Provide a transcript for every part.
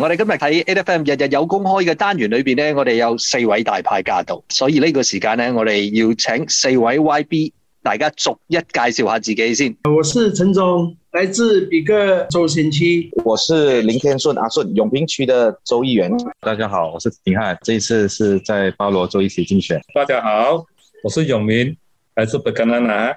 我哋今日喺 A F M 日日有公開嘅單元裏面呢，我哋有四位大牌駕到，所以呢個時間呢，我哋要請四位 Y B 大家逐一介紹一下自己先。我是陳宗，來自比克州選區；我是林添順阿順，永平區的州議員。大家好，我是廷漢，這一次是在巴羅州議員競選。大家好，我是勇鳴，來自北干那那。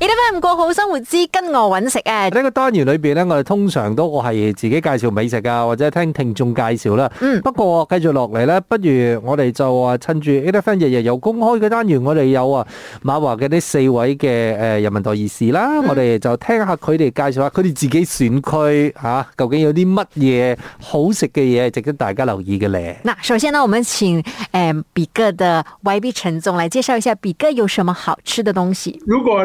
A. D. F. 好過好生活之跟我揾食啊！喺個單元裏邊呢，我哋通常都我係自己介紹美食啊，或者聽聽眾介紹啦。嗯。不過繼續落嚟呢，不如我哋就啊趁住 A. D. F. 日日有公開嘅單元，我哋有啊馬華嘅呢四位嘅、誒、呃、人民代議士啦、嗯。我哋就聽下佢哋介紹下佢哋自己選區吓、啊，究竟有啲乜嘢好食嘅嘢值得大家留意嘅咧？嗱，首先呢，我們請誒、呃、比哥的 YB 陳宗來介紹一下比哥有什麼好吃的東西。如果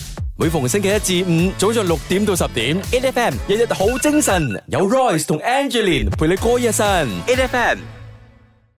每逢星期一至五早上六點到十點，A F M 日日好精神，有 Royce 同 Angeline 陪你過一晨，A F M。